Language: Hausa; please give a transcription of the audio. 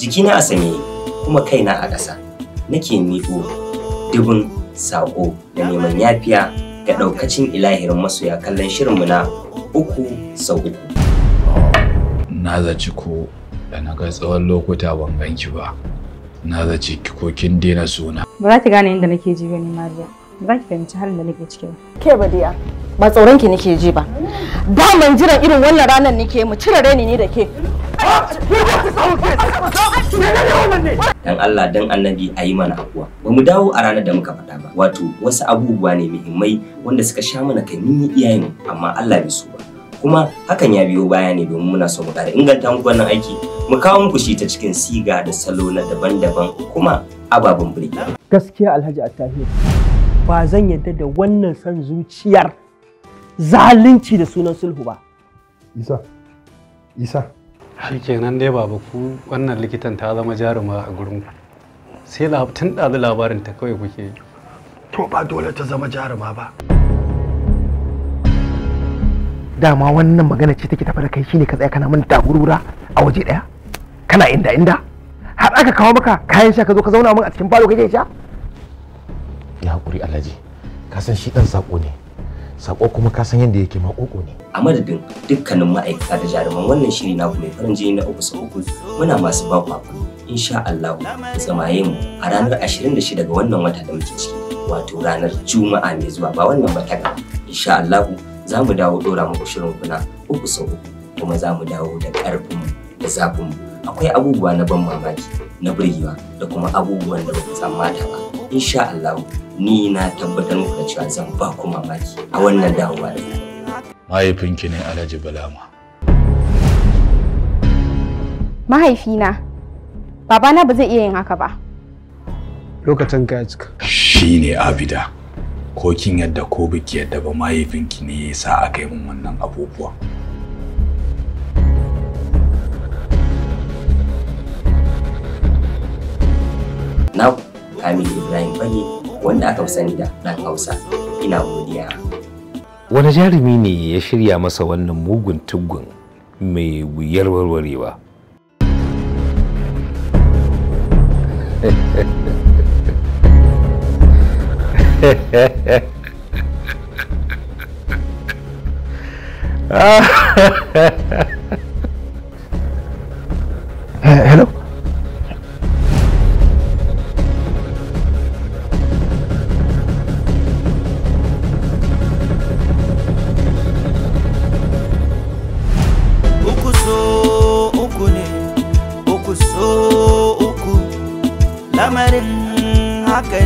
jikina a sanye kuma kaina a ƙasa nake miƙo dubin saƙo da neman yafiya ga ɗaukacin ilahirin masoya kallon shirinmu na uku sau uku. Na zaci ko da na ga tsawon lokuta ban ganki ba. Na zaci ko kin daina suna. Ba za ki gane inda nake ji gani Mariya. Ba za ki fahimci halin da nake ciki ba. Ke ba tsoron ki nake ji ba. Daman jiran irin wannan ranar nake mu cire reni ne da ke. Dan Allah dan annabi a yi mana akuwa. Ba mu dawo a ranar da muka faɗa ba. Wato wasu abubuwa ne muhimmai wanda suka sha mana kai yi iyayen amma Allah bai so ba. Kuma hakan ya biyo baya ne domin muna so mu ƙara inganta muku wannan aiki. Mu kawo muku shi ta cikin siga da salo na daban-daban kuma ababen birki. Gaskiya Alhaji Attahiru ba zan yadda da wannan san zuciyar zalunci da sunan sulhu ba. Isa, Isa, shi kenan dai babu ku wannan likitan ta zama jaruma a gurin ku sai tun ɗazu labarin ta kawai kuke to ba dole ta zama jaruma ba dama wannan magana ce take tafi da kai shine ka tsaya kana min daburura a waje daya kana inda inda har aka kawo maka kayan sha ka zo ka zauna min a cikin falo kake sha ya hakuri alhaji ka san shi dan sako ne sako kuma ka san yadda yake makoko ne a madadin dukkanin ma'aikata da jaruman wannan shiri na mai farin jini na uku sau muna masu ba ku insha Allah tsamaye mu a ranar 26 ga wannan wata da muke ciki wato ranar juma'a mai zuwa ba wannan ba ta insha Allah za mu dawo dora muku shirin kuna uku sau uku kuma za mu dawo da karfin da zafin mu akwai abubuwa na ban mamaki na burgewa da kuma abubuwan da ba ku tsammata ba insha Allah ni na tabbatar muku da cewa zan ba ku mamaki a wannan dawowa da mahaifinki ne alhaji balama mahaifina babana ba zai iya yin haka ba lokacin ka ya cika shi ne abida ko kin yadda ko biki yadda ba mahaifinki ne ya sa aka yi min wannan abubuwa na kami ibrahim bane wanda aka sani da ɗan Hausa. Ina godiya. Wani jarumi ne ya shirya masa wannan mugun tuggun mai wuyar warwarewa. Hello? ka